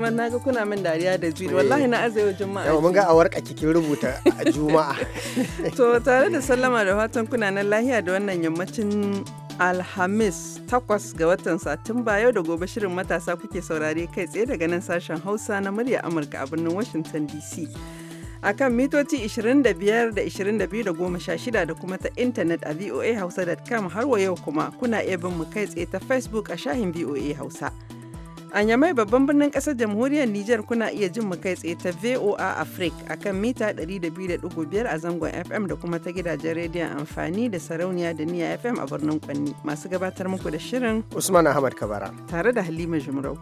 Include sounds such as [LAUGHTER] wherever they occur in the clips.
na naga kuna min dariya da juri eh. wallahi na azayo juma'a. Yau mun ga a warka kikin rubuta a [LAUGHS] juma'a. To tare da sallama da fatan kuna nan lahiya da wannan yammacin Alhamis takwas ga watan Satumba yau da gobe shirin matasa kuke saurare kai tsaye daga nan sashen Hausa na murya Amurka a birnin Washington DC. a kan mitoci 25 da 22 da 16 da kuma ta intanet a voa voahausa.com har wa yau kuma kuna iya bin mu kai tsaye ta facebook a shahin voa hausa. A Yamai babban birnin ƙasar jamhuriyar Nijar kuna iya jin mu kai tsaye ta VOA Africa kan mita 200.5 a zangon FM da kuma ta gidajen rediyon amfani da sarauniya da niya FM a birnin Kwanni. Masu gabatar muku da shirin Usman Ahmad Kabara. Tare da Halima Jumrau.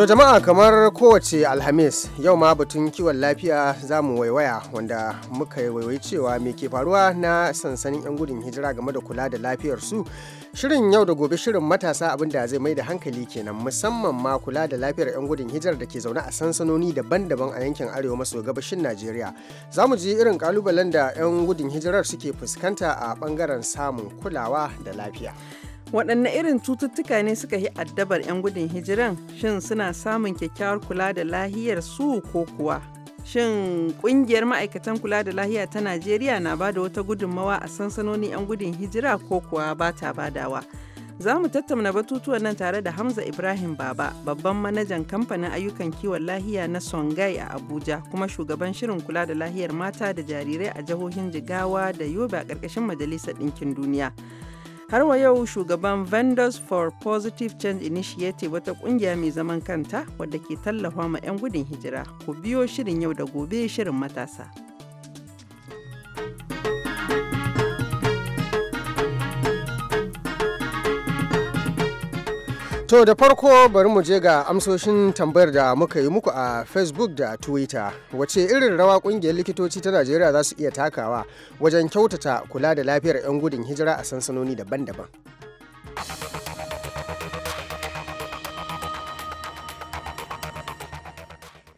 To jama'a kamar kowace Alhamis yau ma batun kiwon lafiya za mu waiwaya wanda muka waiwai cewa mai ke faruwa na sansanin 'yan gudun hijira game da kula da su Shirin yau da gobe shirin matasa abin da zai mai da hankali kenan musamman ma kula da lafiyar 'yan gudun hijirar da ke zaune a sansanoni daban-daban a yankin arewa maso gabashin Najeriya. Za mu ji irin kalubalen da 'yan gudun hijirar suke fuskanta a bangaren samun kulawa da lafiya. Waɗanne irin cututtuka ne suka yi addabar 'yan gudun hijiran? Shin suna samun kyakkyawar kula da lahiyar su ko kuwa? Shin ƙungiyar ma'aikatan kula da lahiya ta Najeriya na ba da wata gudunmawa a sansanoni 'yan gudun hijira ko kuwa ba ta badawa? Za mu tattauna batutuwan nan tare da Hamza Ibrahim Baba, babban manajan kamfanin ayyukan kiwon lahiya na Songai a Abuja, kuma shugaban shirin kula da lahiyar mata da jarirai a jihohin Jigawa da Yobe a ƙarƙashin Majalisar Ɗinkin Duniya. har wa yau shugaban vendors for positive change initiative wata kungiya mai zaman kanta wadda ke tallafa ma 'yan gudun hijira ku biyo shirin yau da gobe shirin matasa To da farko bari mu je ga amsoshin tambayar da muka yi muku a Facebook da Twitter. Wace irin rawa kungiyar likitoci ta Najeriya za su iya takawa wajen kyautata kula da lafiyar 'yan gudun hijira a sansanoni daban-daban.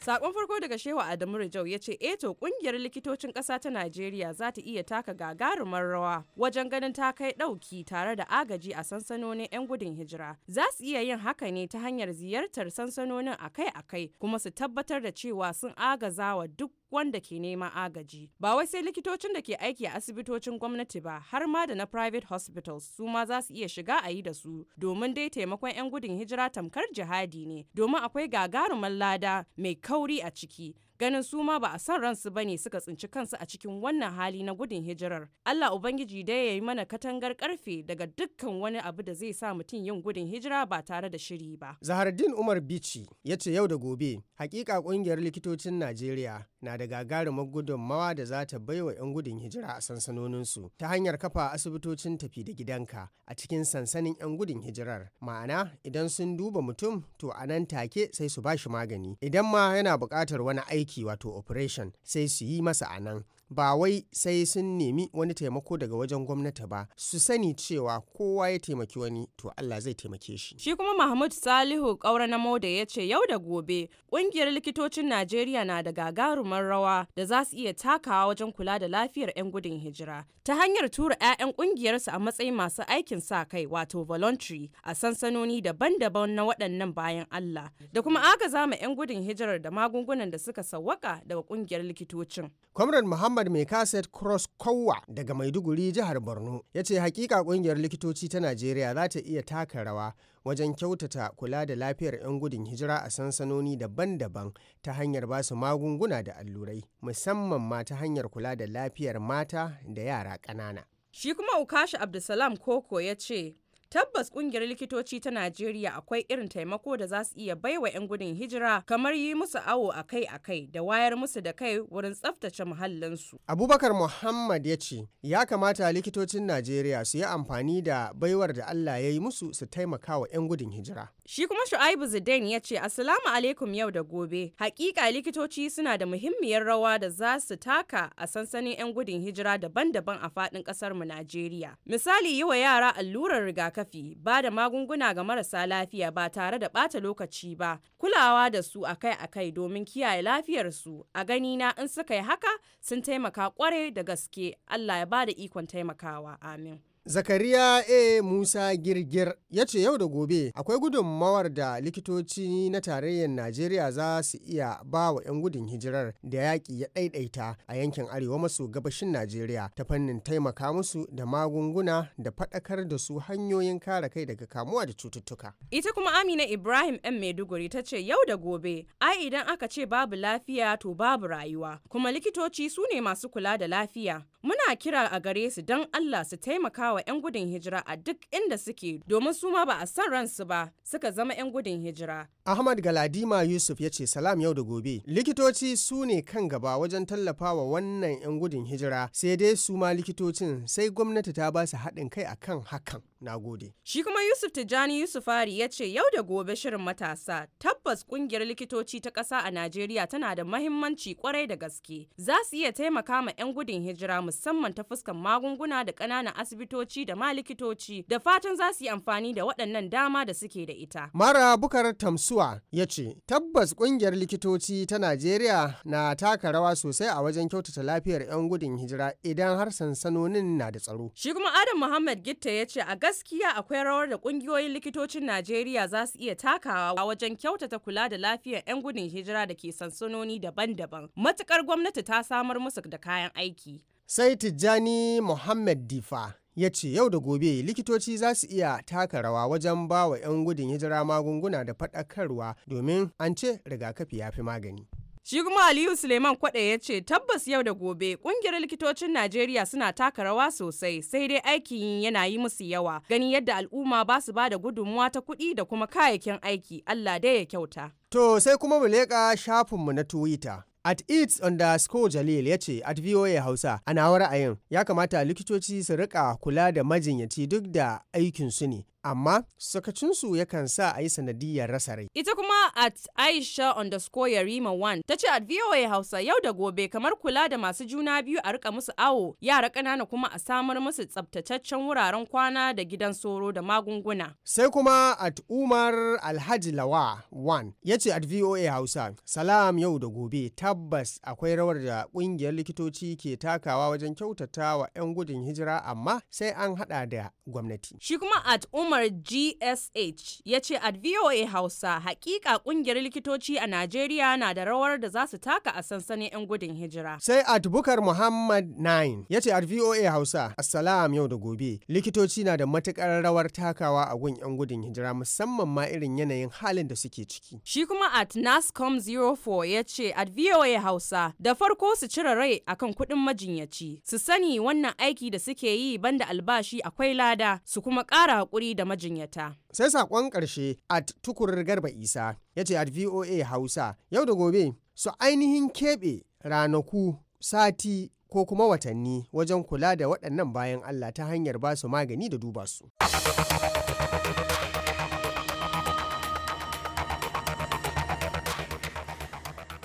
Sakon farko daga Shehu Adamu Rijau ya ce, "Eto eh kungiyar likitocin kasa ta Najeriya za ta iya taka gagarumar rawa wajen ganin ta kai dauki tare da agaji a sansanonin 'yan gudun hijira. Za su iya yin haka ne ta hanyar ziyartar sansanonin akai-akai kuma su tabbatar da cewa sun agaza wa duk wanda ke neman agaji. Ba wai sai likitocin da ke aiki a asibitocin gwamnati ba har ma da na private hospitals su ma za su iya shiga a yi da su domin dai taimakon 'yan gudun hijira tamkar jihadi ne domin akwai gagarumin lada mai kauri a ciki. ganin su ma ba a san ransu ba ne suka tsinci kansu a cikin wannan hali na gudun hijirar Allah ubangiji dai ya yi mana katangar karfe daga dukkan wani abu da zai sa mutum yin gudun hijira ba tare da shiri ba Zahardin Umar Bichi ya ce yau da gobe hakika ƙungiyar likitocin Najeriya na da gagarumar gudunmawa da za ta bai wa 'yan gudun hijira a sansanoninsu ta hanyar kafa asibitocin tafi da gidanka a cikin sansanin 'yan gudun hijirar ma'ana idan sun duba mutum to a nan take sai su ba shi magani idan ma yana buƙatar wani aiki aiki wato operation sai su yi masa a nan ba wai sai sun nemi wani taimako daga wajen gwamnati ba su sani cewa kowa ya taimaki wani to Allah zai taimake shi shi kuma Mahmud Salihu kaura na Mode ya ce yau da gobe kungiyar likitocin Najeriya na da gagarumar rawa da za su iya takawa wajen kula da lafiyar 'yan gudun hijira ta hanyar tura 'ya'yan kungiyarsu a matsayin masu aikin sa kai wato voluntary a sansanoni daban-daban na waɗannan bayan Allah da kuma aka zama 'yan gudun hijirar da magungunan da suka sawwaka daga kungiyar likitocin Comrade Muhammad Muhammad Mai Kaset Cross Kowa daga Maiduguri jihar Borno ya ce hakika kungiyar likitoci ta Najeriya za ta iya taka rawa wajen kyautata kula da lafiyar 'yan gudun hijira a sansanoni daban-daban ta hanyar ba su magunguna da allurai musamman ma ta hanyar kula da lafiyar mata da yara ƙanana. Shi kuma Ukashi Abdulsalam Koko ya ce, Tabbas kungiyar likitoci ta Najeriya akwai irin taimako da za su iya baiwa 'yan gudun hijira kamar yi musu awo akai-akai da wayar musu da kai wurin tsaftace muhallinsu. Abubakar Muhammad ya ce ya kamata likitocin Najeriya su yi amfani da baiwar da Allah ya yi musu su taimaka wa 'yan gudun hijira. Shi kuma Shu'aibu Zidane ya ce Assalamu alaikum yau da gobe. Hakika likitoci suna da muhimmiyar rawa da za su taka a sansanin 'yan gudun hijira daban-daban a faɗin ƙasarmu Najeriya. Misali yi wa yara allurar rigakafi rigakafi ba da magunguna ga marasa lafiya ba tare da bata lokaci ba kulawa da su akai-akai domin kiyaye lafiyar su a gani na in suka yi haka sun taimaka kwarai da gaske allah ya ba da ikon taimakawa amin Zakariya A. Musa Girgir ya ce yau da gobe akwai gudunmawar da likitoci na tarayyar Najeriya za su iya ba wa 'yan gudun hijirar da yaƙi ya ɗaiɗaita a yankin arewa maso gabashin Najeriya ta fannin taimaka musu da magunguna da faɗakar da su hanyoyin kare kai daga kamuwa da cututtuka. Ita kuma Amina Ibrahim M. Maiduguri ta ce yau da gobe ai idan aka ce babu lafiya to babu rayuwa kuma likitoci su ne masu kula da lafiya. Muna kira a gare su don Allah su taimaka wa 'yan gudun hijira a duk inda suke domin su ma ba a san ransu ba suka zama 'yan gudun hijira. Ahmad Galadima Yusuf ya ce salam yau da gobe. Likitoci su ne kan gaba wajen tallafa wa wannan 'yan gudun hijira sai dai su ma likitocin sai gwamnati ta ba su haɗin kai a kan hakan. Na gode. Shi kuma Yusuf Tijjani Yusufari ya ce yau da gobe shirin matasa tabbas kungiyar likitoci ta ƙasa a Najeriya tana da mahimmanci kwarai da gaske. Za su iya taimaka ma 'yan gudun hijira musamman ta fuskan magunguna da ƙananan asibitoci da ma likitoci da fatan za su yi amfani da waɗannan dama da suke da ita. Mara Bukar Tamsuwa ya ce tabbas kungiyar likitoci ta Najeriya na taka rawa sosai a wajen kyautata lafiyar 'yan gudun hijira idan har sansanonin na da tsaro. Shi kuma Adam Muhammad Gitta ya ce a gaskiya akwai rawar da kungiyoyin likitocin Najeriya za su iya takawa wajen kyautata kula da lafiyar 'yan gudun hijira da ke sansanoni daban-daban. Matukar gwamnati ta samar musu da kayan aiki. Sai Tijjani Muhammad Difa ya ce yau da gobe likitoci za su iya taka rawa wajen bawa 'yan gudun hijira magunguna da faɗakarwa domin an ce rigakafi ya fi magani. Shi kuma Aliyu Suleiman kwaɗa ya ce tabbas yau da gobe ƙungiyar likitocin Najeriya suna taka rawa sosai sai dai aikin yi yana yi musu yawa gani yadda al'umma ba su ba da gudunmuwa ta kuɗi da kuma kayayyakin aiki Allah dai ya kyauta. To sai kuma mu leƙa shafinmu na Twitter. at its underscore jalil ya ce at voa hausa a nawa ra'ayin ya kamata likitoci su rika kula da majinyaci duk da aikin su ne amma sakacinsu yakan sa a yi sanadiyar rasa rai. Ita kuma at Aisha underscore Yarima one ta ce at VOA Hausa yau da gobe kamar kula da masu juna biyu a rika musu awo yara ƙanana kuma a samar musu tsabtataccen wuraren kwana da gidan soro da magunguna. Sai kuma at Umar Alhaji Lawa one ya ce at VOA Hausa salam yau da gobe tabbas akwai rawar da ƙungiyar likitoci ke takawa wajen kyautata wa 'yan gudun hijira amma sai an haɗa da gwamnati. Shi kuma at Umar Umar GSH ya ce a VOA Hausa hakika kungiyar likitoci a Najeriya na da rawar da za su taka a sansanin 'yan gudun hijira. Sai a Bukar Muhammad 9 ya ce a VOA Hausa Assalam yau da gobe likitoci na da matukar rawar takawa a gun 'yan gudun hijira musamman ma irin yanayin halin da suke ciki. Shi kuma at NASCOM04 ya ce at VOA Hausa da farko su cire rai akan kuɗin majinyaci su sani wannan aiki da suke yi banda albashi akwai lada su kuma ƙara hakuri da da majinyata. Sai saƙon ƙarshe at tukurar garba isa ya ce at VOA Hausa yau da gobe su ainihin keɓe ranaku sati ko kuma watanni wajen kula da waɗannan bayan Allah ta hanyar ba su magani da duba su.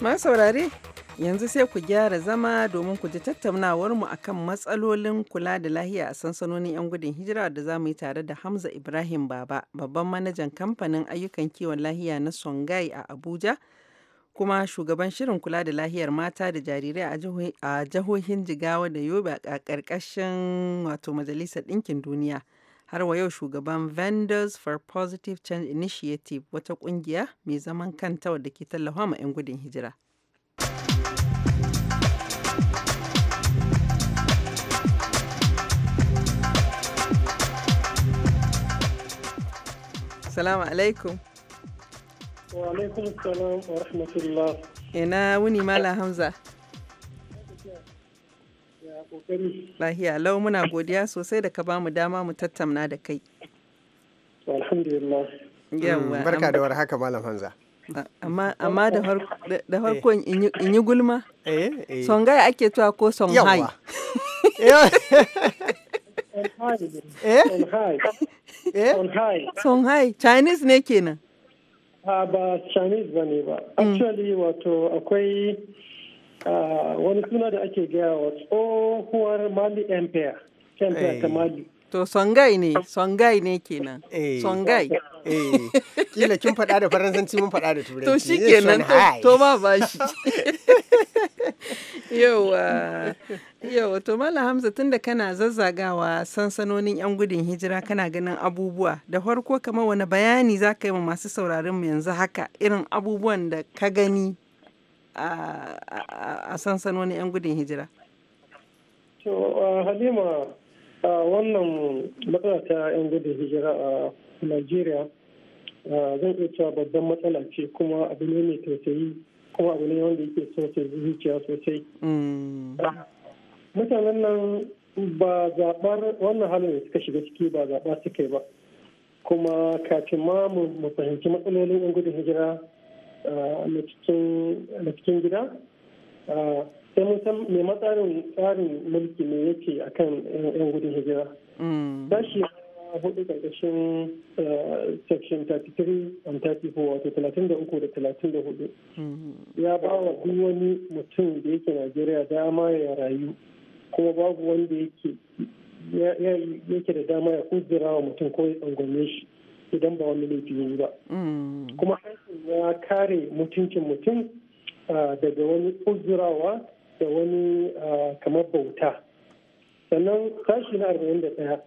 Ma saurare yanzu sai ku gyara zama domin ku ji tattaunawar tattaunawarmu akan matsalolin kula da lahiya a sansanonin 'yan gudun hijira da za mu yi tare da Hamza Ibrahim Baba, babban manajan kamfanin ayyukan kiwon lahiya na Songai a Abuja, kuma shugaban shirin kula da lahiyar mata da jarirai a jihohin Jigawa da Yobe a karkashin wato Majalisar Ɗinkin Duniya. har wa yau shugaban vendors for positive change initiative wata kungiya mai zaman kanta wadda ke tallafa ma 'yan gudun hijira Salamu alaikum. Wa alaikum salam wa rahmatullah. Ina wuni Mala Hamza. Lahiya lau muna godiya sosai da ka ba mu dama mu tattamna da kai. Alhamdulillah. Yawwa. Mm, barka da war haka Malam Hamza. amma da eh. in gulma eh, eh. songai ake cewa ko [LAUGHS] songhai songhai chinese ne kenan ah, ba chinese ba ne ba mm. wato akwai ah, wani suna da ake gaya wa tsohuwar mali empire empire ta mali To songai ne, songai ne kenan. Eh. Songai. Eh, kila kin faɗa da faransanci mun faɗa da turanci. To shi kenan to ma ba shi. [LAUGHS] Yawa, yawa, to Malam Hamza tunda kana zazzagawa sansanonin 'yan gudun hijira kana ganin abubuwa da farko kamar wani bayani za ka yi wa masu sauraron mu yanzu haka irin abubuwan da ka gani a sansanonin 'yan gudun hijira. To, Halima, wannan matsala ta 'yan gudun hijira a Najeriya zan iya cewa babban matsala ce kuma abu ne mai tausayi kuma abu ne wanda yake sosa zuciya sosai. Mm. Mutanen nan ba zaɓar wannan halin da suka shiga ciki ba zaɓa suka ba. Kuma kafin ma mu fahimci matsalolin 'yan gudun hijira na cikin gida sai mun san me matsarin tsarin mulki ne yake akan eh, yan gudun hijira sashi mm. hudu karkashin eh, section 33 and 34 wato 33 da 34 mm-hmm. ya ba wa duk wani mutum da yake najeriya dama ya rayu kuma babu wanda yake yake da dama ya kuzura wa mutum ko ya tsangwame shi idan ba wani laifi yi ba mm. kuma hankali ya kare mutuncin mutum ah, daga wani uzurawa da wani ah, kamar bauta sannan sashi na arba'in da ɗaya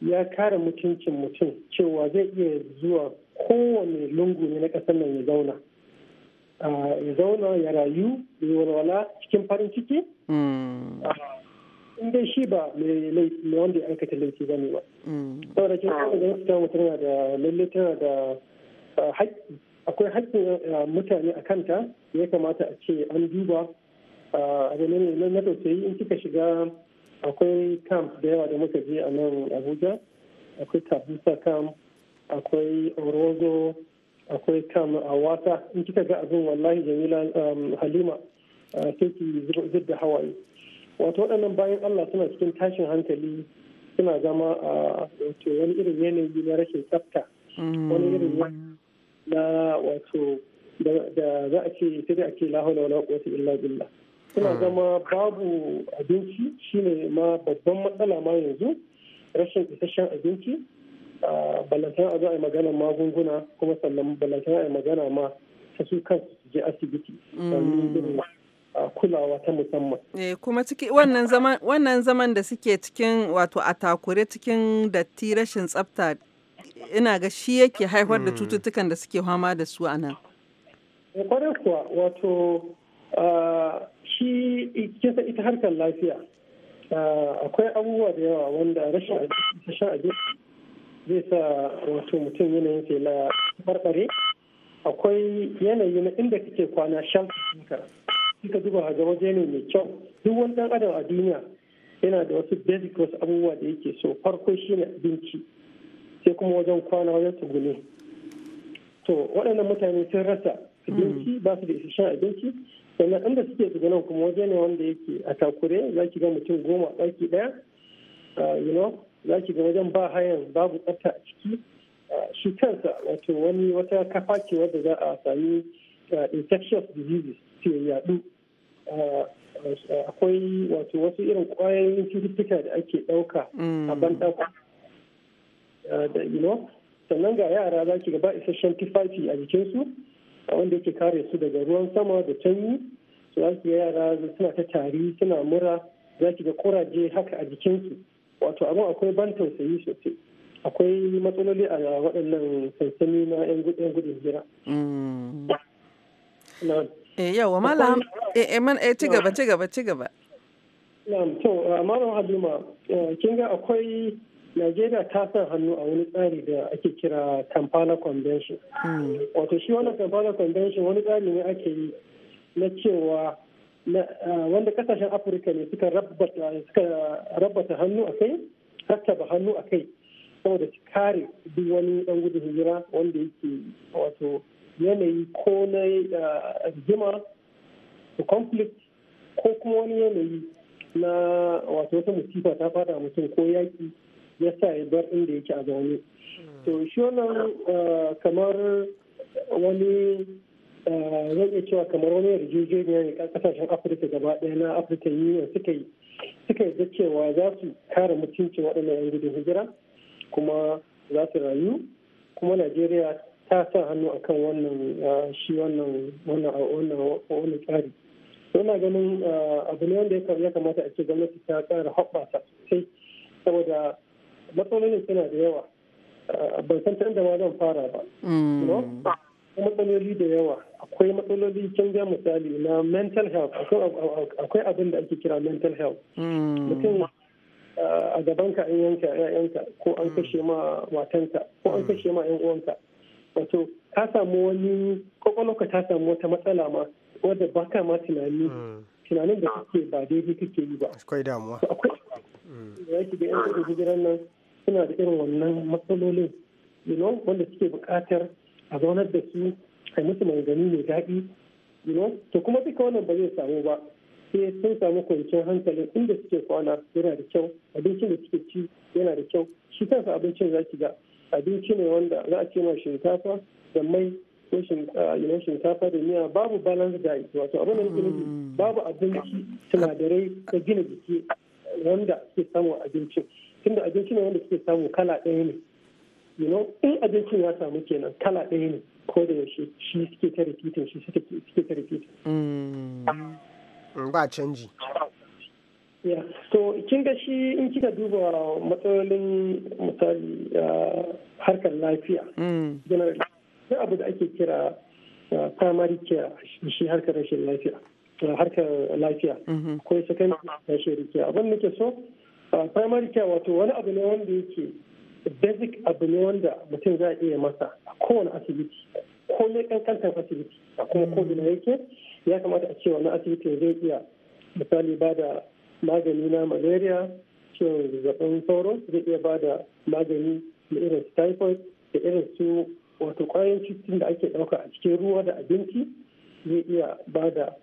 ya kare mutuncin mutum cewa zai iya zuwa kowane lungu ne na ƙasar nan ya zauna ah, ya zauna ya rayu ya walwala cikin farin ciki mm. ah, in dai shi ba mai wanda ya aikata laifi ba ne ba mm. saboda cikin kuma da ta mutum tana da lalle tana da akwai haƙƙin mutane a kanta ya kamata a ce an duba abu ne na in kika shiga akwai camp da yawa da muka je a nan abuja akwai tabusa camp akwai orogo akwai camp a wata in kika ga abin wallahi jamila um, halima sai ki da hawaye wato waɗannan bayan allah suna cikin tashin hankali suna zama a wato wani irin yanayi na rashin tsafta mm. wani irin na wato da za a ce sai ake lahola wani wasu illa billah suna hmm. zama babu abinci shine ma babban matsala ma yanzu rashin isasshen abinci ah, balantan a zo a yi magana magunguna kuma sannan balantan a yi magana ma ta su kan su je asibiti hmm. ah, kulawa ta musamman. Eh, kuma wannan zaman wannan zaman da suke cikin wato a takure cikin datti rashin tsafta ina ga shi yake haifar da hmm. cututtukan da suke fama da su a nan. Eh, kwarai kuwa wato ah, shi kisa ita harkar lafiya ah, akwai abubuwa da yawa wanda rashin abinci zai sa wato mutum yanayin ke la barbare akwai yanayi na inda kake kwana shan ka kika duba ga waje ne mai kyau duk wani dan adam a duniya yana da wasu basic wasu abubuwa da yake so farko shine abinci sai kuma wajen kwana wajen tsuguni to waɗannan mutane sun rasa abinci mm. ba su da isasshen abinci sannan inda suke daga nan kuma waje ne wanda yake a takure za ki ga mutum goma a ɗaki ɗaya ah, za ki ga wajen ba hayan babu tsafta a ciki ah, shi kansa wato wani wata kafa ce wadda za a sami ah, infectious diseases ke yaɗu akwai wato wasu irin kwayoyin cututtuka da ake ɗauka mm. a ban da sannan ga yara za ki ga ba isasshen tufafi a jikinsu A wanda yake kare su daga ruwan sama da canyi su za yara suna ta tari suna mura za ki ga kuraje haka a jikinsu wato abin akwai ban tausayi sosai akwai matsaloli a waɗannan sansani na 'yan gudun hira. Mm. Eh, yawa malam eman eh, eh, e ci gaba ci gaba ci gaba. Na'am to malam Halima kin ga akwai Najeriya ta sa hannu a wani tsari da ake kira Kampala Convention. Hmm. Wato shi wannan Kampala Convention wani tsari ne ake yi na cewa ah, wanda kasashen Afirka ne suka rabata hannu a kai, rattaba hannu a kai, saboda su kare duk wani ɗan gudun hijira wanda yake wato yanayi ko na ah, rigima ko conflict ko kuma wani yanayi na wato wata musifa ta fada mutum ko yaki. ya sa ya bar inda yake a zaune to shi wannan eh, kamar wani eh, zan iya cewa kamar wani yarjejeniya ne kasashen afirka gaba ɗaya na afirka union suka yi suka yi cewa za su kare mutuncin waɗannan 'yan gudun hijira kuma za su rayu kuma najeriya ta sa hannu akan wannan eh, shi wannan wannan tsari yana ganin abu ne wanda ya kamata a ce gwamnati ta tsara haɓɓasa sosai saboda matsalolin suna da yawa ah, ban san ta inda ma zan fara ba mm. matsaloli da yawa akwai matsaloli canja misali na mental health akwai abin da ake kira mental health mm. mutum ah, a gaban ka an yanka ‘ya'yanka ko an mm. kashe ma matanka ko an kashe ma ‘yan uwanka wato ka samu wani kwakwalwarka ta samu wata matsala ma wadda ba ka ma tunani tunanin da kake ba daidai kake yi ba akwai damuwa akwai da yake da yan hijiran nan suna da irin wannan matsalolin you know wanda suke buƙatar a zaunar da su a musu gani mai daɗi you know to kuma duka wannan ba zai samu ba sai sun samu kwanciyar hankalin inda suke kwana yana da kyau abincin da suke ci yana da kyau shi kansa abincin za ki ga abinci ne wanda za a ce ma shinkafa da mai ko uh, shinkafa da miya babu balance diet wato abin da nake nufi mm. babu abinci sinadarai da gina jiki wanda suke samun abincin tunda abinci ne wanda suke samu kala ɗaya ne you know in abincin ya samu kenan kala ɗaya ne ko da yaushe shi suke ta rikitin shi suke ta repeating mm. ba canji ya so kin ga shi in kika duba matsalolin misali uh, harkar lafiya mm. generally abu da ake kira uh, primary care shi harkar rashin lafiya harkar lafiya mhm. akwai na shirin ke abin da ke so primary care wato wani abu ne wanda yake basic abu ne wanda mutum za a iya masa a kowane asibiti ko ne kankantar asibiti a kuma mhm. ko yake ya kamata a ce wannan asibitin zai iya misali ba da magani na malaria ciwon zazzabin sauro zai iya ba da magani na irin typhoid da irin su wato kwayoyin cutin da ake ɗauka a cikin ruwa da abinci zai iya ba da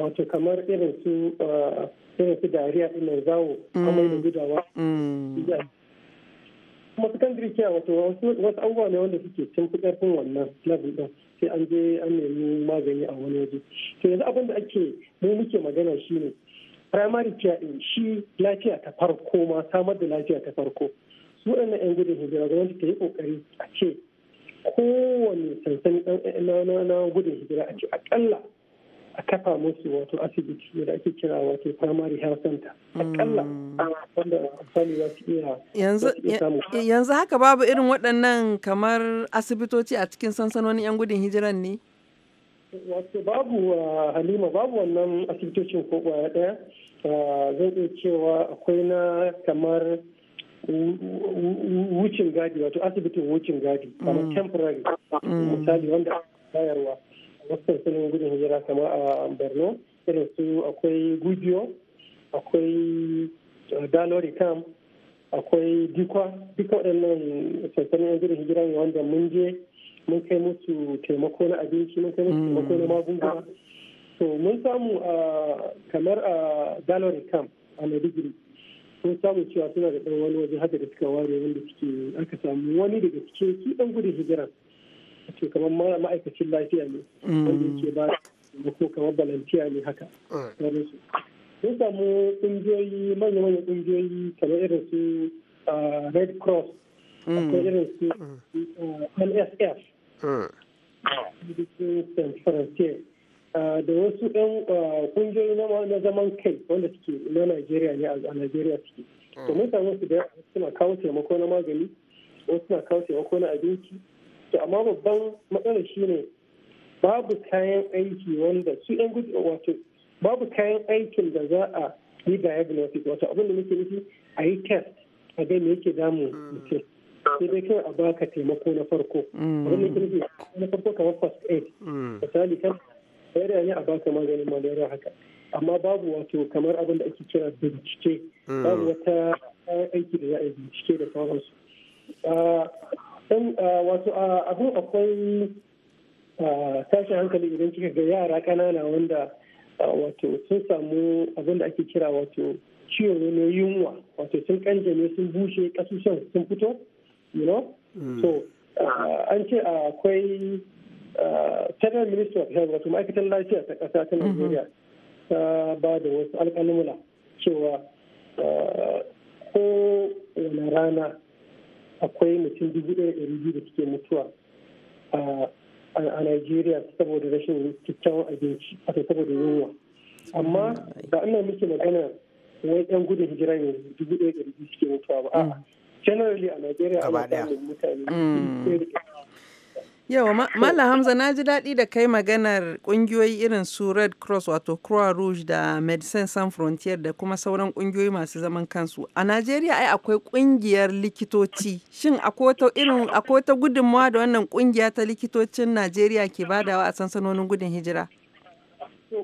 wato kamar irin su irin su dariya mai zawo mm. amai da gudawa mm. kuma kan care wato wasu abubuwa ne wanda suke cin fi karfin wannan labin din sai an je an nemi magani a wani waje to yanzu abin da ake mu muke magana shine primary care din shi lafiya ta farko ma samar da lafiya ta farko su ɗan yan gudun hijira gwamnati ta yi kokari a ce kowane sansan eh, na gudun hijira a ce akalla a kafa musu wato asibiti da ake kira wato primary health center akalla hmm. wanda sani za su iya yanzu haka babu irin waɗannan kamar asibitoci a cikin sansanonin 'yan gudun hijiran ne wato babu uh, halima babu wannan asibitocin ko ɗaya uh, zan iya cewa akwai na kamar wucin gadi wato asibitin wucin gadi kamar mm. temporary mm. misali wanda bayarwa wasu sanin gudun hijira kamar a borno irin su akwai gujiyo akwai uh, dalori kam akwai dikwa duka waɗannan sansanin gudun hijira ne wanda mun je mun kai musu taimako na abinci mun kai musu taimako na mm. magunguna to mun samu uh, kamar a dalori kam a maiduguri mun samu cewa suna da wani waje haka da suka ware wanda suke aka samu wani daga cikin su dan gudun hijira ce kamar ma'aikacin lafiya ne wanda mm. yake ba ko kamar balantiya ne haka sun samu kungiyoyi manya-manyan kungiyoyi kamar irin su red cross mm. akwai irin su mm. nsf st da wasu 'yan kungiyoyi na zaman kai wanda suke na Najeriya ne a Najeriya suke. Mm. To mun samu su da suna kawo taimako na magani, wasu suna kawo taimako na abinci. To amma babban matsalar shi ne babu kayan aiki wanda su 'yan gudu wato babu kayan aikin da za a yi diagnosis wato abin da muke nufi a yi test a ga me yake damu mm. mutum. sai dai kawai a baka taimako na farko mm. abin da yake nufi na farko kamar first aid misali kan malaria ne a baka maganin malaria haka amma babu wato kamar abin da ake kira bincike hmm. babu wata aiki da ya a yi bincike da sauransu ah, ah, wato ah, abin akwai tashin hankali idan kika ga yara ƙanana wanda wato sun samu abin da ake kira wato ciwon ne yunwa wato sun kanjame sun bushe kasusun sun fito you know hmm. so an ce akwai federal minister of health wato ma'aikatar lafiya ta kasa ta mhm. nigeria ta ba da wasu alƙalmula cewa uh, ko wani rana akwai mutum dubu ɗaya ɗari biyu da suke mutuwa a nigeria saboda rashin kyakkyawan abinci wato saboda yunwa amma ba ina muke magana wai yan gudun hijira ne dubu ɗaya ɗari biyu suke mutuwa ba a'a mm. generally a nigeria ana samun mutane mm. Yawa Mala Hamza na ji daɗi da kai maganar ƙungiyoyi irin su Red Cross wato Croix Rouge da Medicine Sans Frontier da kuma sauran ƙungiyoyi masu zaman kansu. A Najeriya ai akwai ƙungiyar likitoci. Shin akwai irin ta gudunmawa da wannan ƙungiya ta likitocin Najeriya ke badawa a sansanonin gudun hijira? To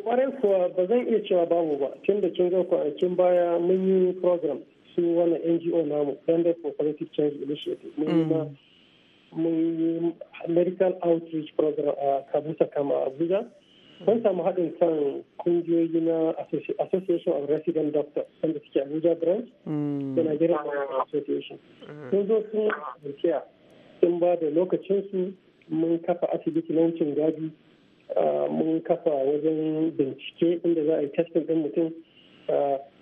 ba zan iya cewa babu ba tun da kin ga kwanakin baya mun yi program su wannan NGO namu Gender for Change Initiative. mun medical outreach program a kabusa kama abuja mun samu haɗin kan kungiyoyi na association of resident doctors wanda suke abuja branch mm. da nigerian association sun zo sun a sun ba da lokacinsu mun kafa asibiti na wucin gadi mun kafa wajen bincike inda za a yi testin ɗin mutum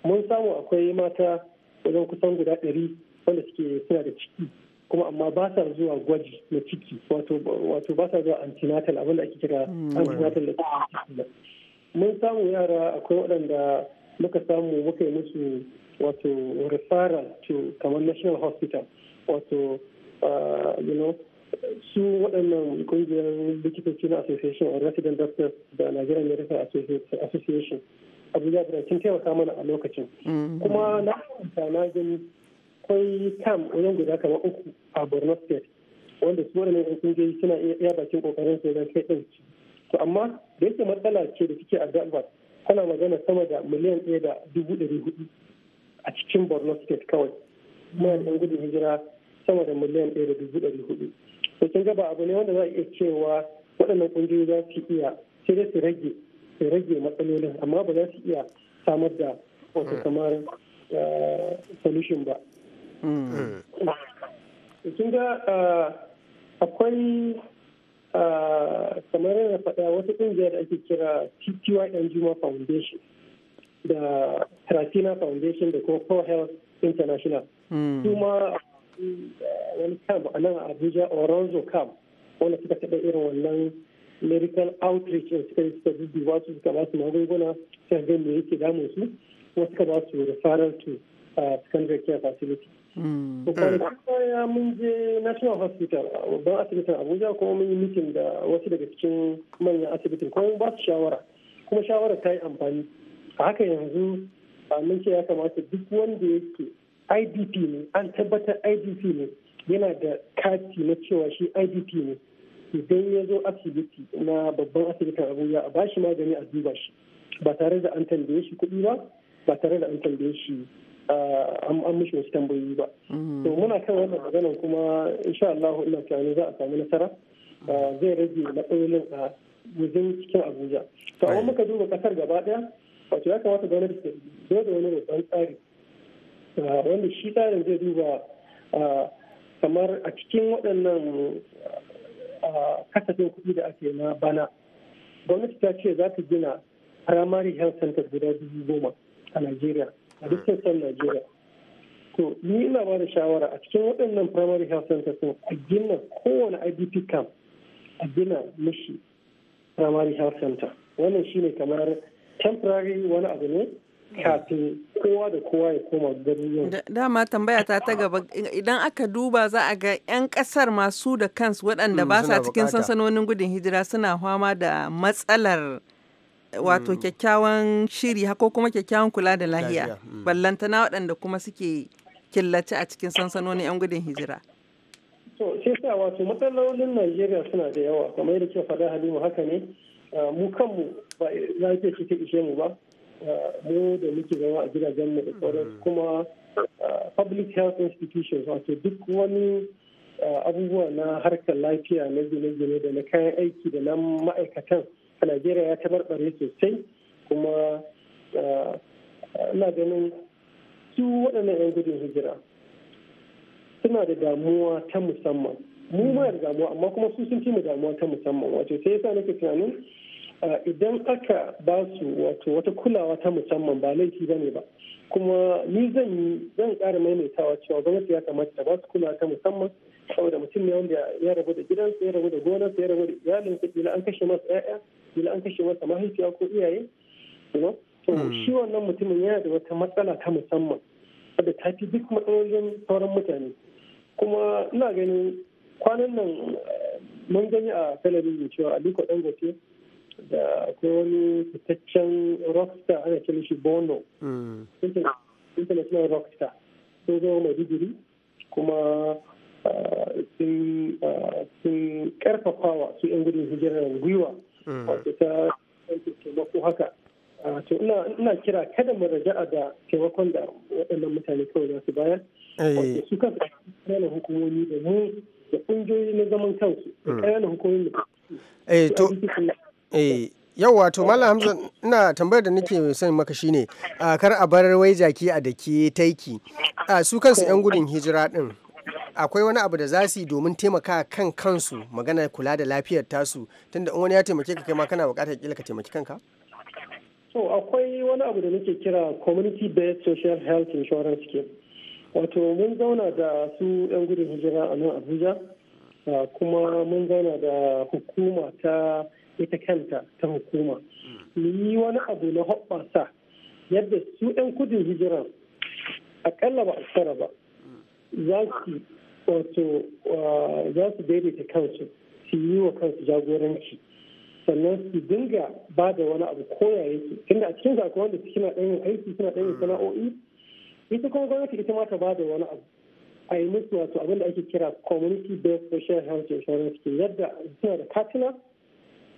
mun samu akwai mata wajen kusan guda ɗari wanda suke suna da ciki kuma amma ba sa zuwa gwaji na ciki wato ba sa zuwa antenatal abin ake kira hmm. antenatal da mun samu yara akwai waɗanda muka samu muka yi musu wato referral to kamar national hospital wato uh, you know su waɗannan ƙungiyar likitoci na association or resident doctors da nigerian medical association abu ya da kin taimaka mana a lokacin hmm. kuma na na gani akwai kam wajen guda kamar uku a borno state wanda su wadannan yan kungiyoyi suna iya bakin kokarin su wajen kai ɗauki to amma da yake matsala ce da suke a gaba tana magana sama da miliyan ɗaya da dubu ɗari hudu a cikin borno state kawai muna da yan gudun hijira sama da miliyan ɗaya da dubu ɗari hudu to kin ga abu ne wanda za a iya cewa waɗannan kungiyoyi za su iya sai dai su rage su rage matsalolin amma ba za su iya samar da wato kamar eh, solution ba Mm. Eh. kinga eh, akwai eh, kamar yana faɗa wata ƙungiyar da ake kira TTY Juma Foundation da Tratina Foundation da kuma Pro Health International. Kuma mm. wani camp a nan Abuja Oronzo camp wanda suka taɓa irin wannan medical outreach da suka yi suka su suka ba su magunguna suka ga me yake damun su kuma suka ba su referral to secondary care facility. da mm. mm. baya mun je national hospital babban asibitin abuja kuma mun yi mitin da wasu daga cikin manyan asibitin kuma ba su shawara kuma shawara ta yi amfani a haka yanzu mun ce ya kamata duk wanda yake idp ne an tabbatar idp ne yana da kati na cewa shi idp ne idan ya zo asibiti na babban asibitin abuja a bashi magani a duba shi ba tare da an tambaye shi kuɗi ba ba tare da an tambaye shi an mishi wasu tambayoyi ba mm-hmm. to muna kan wannan maganar kuma insha Allah ina tunanin za a samu nasara zai rage matsalolin a wajen cikin Abuja to amma muka duba kasar gaba daya wato ya kamata gwamnati ta zo da wani babban tsari wanda shi tsarin zai duba kamar a cikin waɗannan kasafin kuɗi da ake na bana gwamnati ta ce za ta gina primary health center guda dubu goma a Najeriya a duk sassan Najeriya. To, ni ina ba da shawara a cikin waɗannan primary health centers a gina kowane IDP camp a gina mishi primary health center. Wannan shine kamar temporary wani abu ne kafin kowa da kowa ya koma garin Dama tambaya ta ta gaba idan aka duba za a ga 'yan kasar masu da kansu waɗanda hmm, ba sa cikin sansanonin gudun hijira suna fama da matsalar wato mm. kyakkyawan shiri ko kuma kyakkyawan kula da lahiya mm. ballanta na waɗanda kuma suke killace a cikin sansanoni 'yan gudun hijira. To, shi sa wato matsalolin Najeriya suna da yawa, kamar yadda ke faɗa halimu haka ne, mu kanmu ba lafiya ke ta ishe mu ba, mu da muke zama a gidajen mu da sauran mm. kuma public health institutions wato duk wani abubuwa na harkar lafiya na gine-gine da na kayan aiki da na ma'aikatan. a najeriya ya tabarbare sosai kuma eh, ina ganin su waɗannan 'yan gudun hijira suna da damuwa ta musamman mu ma hmm. da damuwa amma kuma su sun fi mu damuwa ta musamman wato sai yasa nake tunanin eh, idan aka ba su wato wata kulawa ta musamman ba laifi ba ne ba kuma ni zan yi zan ƙara maimaitawa cewa gwamnati ya kamata ta ba su kulawa ta musamman saboda mutum ne wanda ya rabu da gidansa ya rabu da gonarsa ya rabu da iyalinsa kila an kashe masa 'ya'ya kila an kashe masa mahaifiya ko iyaye to hmm. shi wannan mutumin yana da wata matsala ta musamman wadda ta fi duk matsalolin sauran mutane kuma ina ganin kwanan nan eh, mun gani a talabijin cewa aliko dangote da akwai wani fitaccen rockstar ana kira shi bono hmm. international rockstar sun zo ma digiri kuma eh, sun karfafawa eh, su yan gudun hijirar gwiwa Mm. wato ta taimako haka to ina kira kada mu raja'a da taimakon da waɗannan mutane kawai za su bayar eh. wato su kan ƙananan hukumomi da mu da ƙungiyoyi na zaman kansu da mm. ƙananan hukumomi eh, to eh yau wato malam hamza ina tambayar da nake son maka shine kar a bar wai jaki a dake taiki su kansu yan gudun hijira din akwai wani abu da za su yi domin taimaka kan kansu magana kula da lafiyar tasu tunda in wani ya taimake ka kai ma kana bukatar kila ka taimaki kanka so akwai wani abu da muke kira community based social health insurance scheme wato mun zauna da su yan gudun hijira a nan abuja kuma mun zauna da hukuma ta ita kanta ta hukuma yi wani abu na hoɓɓasa yadda su yan gudun hijira akalla ba a ba za su daidaita kansu su yi wa kansu jagoranci sannan su dinga ba da wani abu koya yake tunda a cikin zakon wanda suna ɗanyen aiki suna ɗanyen mm. sana'o'i ita kuma gwamnati ita ma ta ba da wani abu a yi musu wato abin da ake kira community based social health insurance ke yadda suna da katina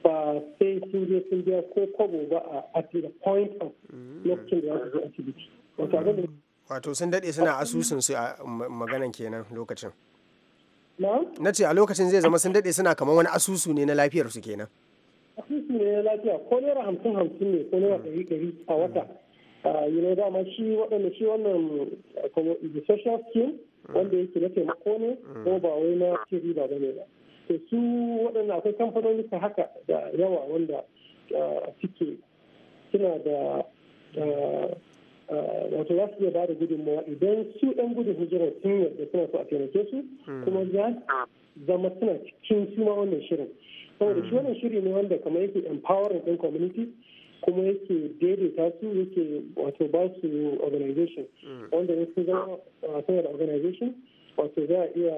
ba sai sun je sun biya ko kobo ba a at the point of mm. lokacin da za su zo asibiti wato sun daɗe suna asusun su a maganan kenan lokacin na ce a lokacin zai zama sun daɗe suna kamar wani asusu ne na lafiyar su kenan asusu ne na lafiya ko naira hamsin hamsin ne ko naira ɗari ɗari a wata yi na dama shi waɗanda shi wannan the social scheme wanda yake na taimako ne ko ba wai na cin riba ba ne ba to su waɗanda akwai kamfanoni ta haka da yawa wanda suke suna da Uh, wato za su iya ba da gudunmawa idan su ɗan gudun hijira sun yarda suna so a taimake su hmm. kuma za zama suna cikin suma wannan shirin saboda shi hmm. wannan shiri ne wanda kamar yake empowering ɗin community kuma yake daidaita su yake wato ba su organization hmm. wanda ya su zama uh, suna da organization wato za a iya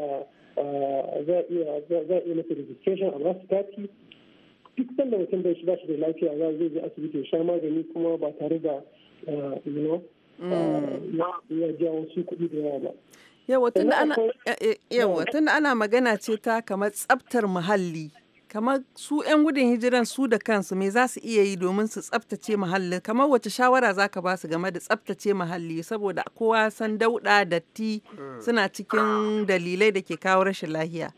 uh, za a iya za a iya masa registration a masu kati duk sanda mutum bai shi ba shi da lafiya za a zai je asibiti ya sha magani kuma ba tare da Eh, mm. eh, yawa tun da eh, mm. ana magana ce ta kamar tsabtar muhalli. kamar su 'yan gudun hijiran su da kansu me za su iya yi domin su tsabtace muhalli kamar wace shawara za ka ba su game da tsabtace muhalli saboda kowa san dauɗa datti mm. suna cikin dalilai da ke kawo rashin lahiya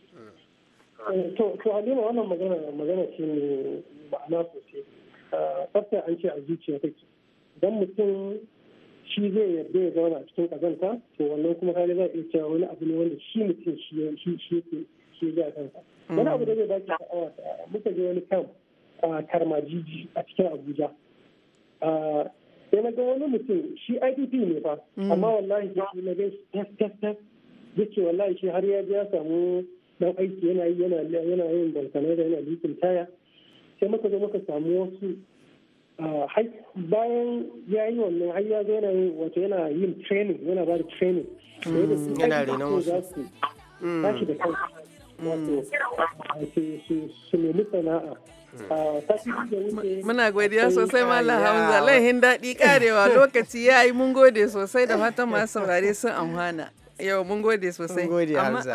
to halima wannan magana ce ne ma'ana sosai tsabta an ce a zuciya take don mutum shi zai yarda ya zauna cikin kazanta to wannan kuma kaga za a iya cewa wani abu ne wanda shi mutum shi shi shi shi ya kansa wani abu da zai baki sha'awa muka je wani kam a karmajiji a cikin abuja sai na ga wani mutum shi idp ne fa mm. amma wallahi shi na gaisu tas tas tas yake wallahi shi har ya je ya samu dan aiki yana yi yana yin dankanai da yana likin taya sai muka zo muka samu wasu bayan ya yi wannan har ya zo yana wato yana yin training yana ba da training mm, yana renon wasu mm. tashi da kai wato su nemi sana'a mm. Muna godiya sosai Malam Hamza, laihin daɗi karewa [LAUGHS] lokaci ya yi mun gode sosai da fatan masu saurare sun amfana. yau mun gode sosai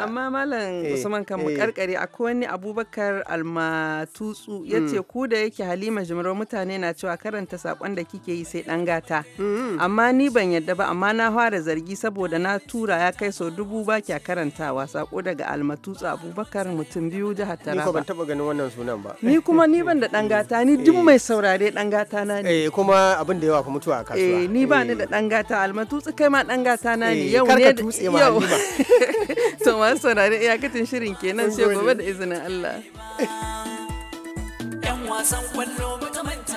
amma malam eh, usman kan mu eh. karkare akwai wani abubakar almatutsu hmm. ya ce ku da yake halima jimro mutane na cewa karanta sakon da kike yi sai dan gata hmm. amma ni ban yadda ba amma na fara zargi saboda na tura ya kai so dubu ba kya karantawa sako daga almatutsu abubakar mutum biyu jihar taraba ni ban taba ganin wannan sunan ba ni kuma ni ban da dan gata ni duk eh. mai saurare dan gata na ne eh kuma abin da yawa fa mutuwa a kasuwa eh ni ba ni da dan gata almatutsu kai ma dan gata na ne yau ne yau [LAUGHS] to masu saurari iyakacin shirin kenan sai gobe da izinin Allah yan wasan kwallo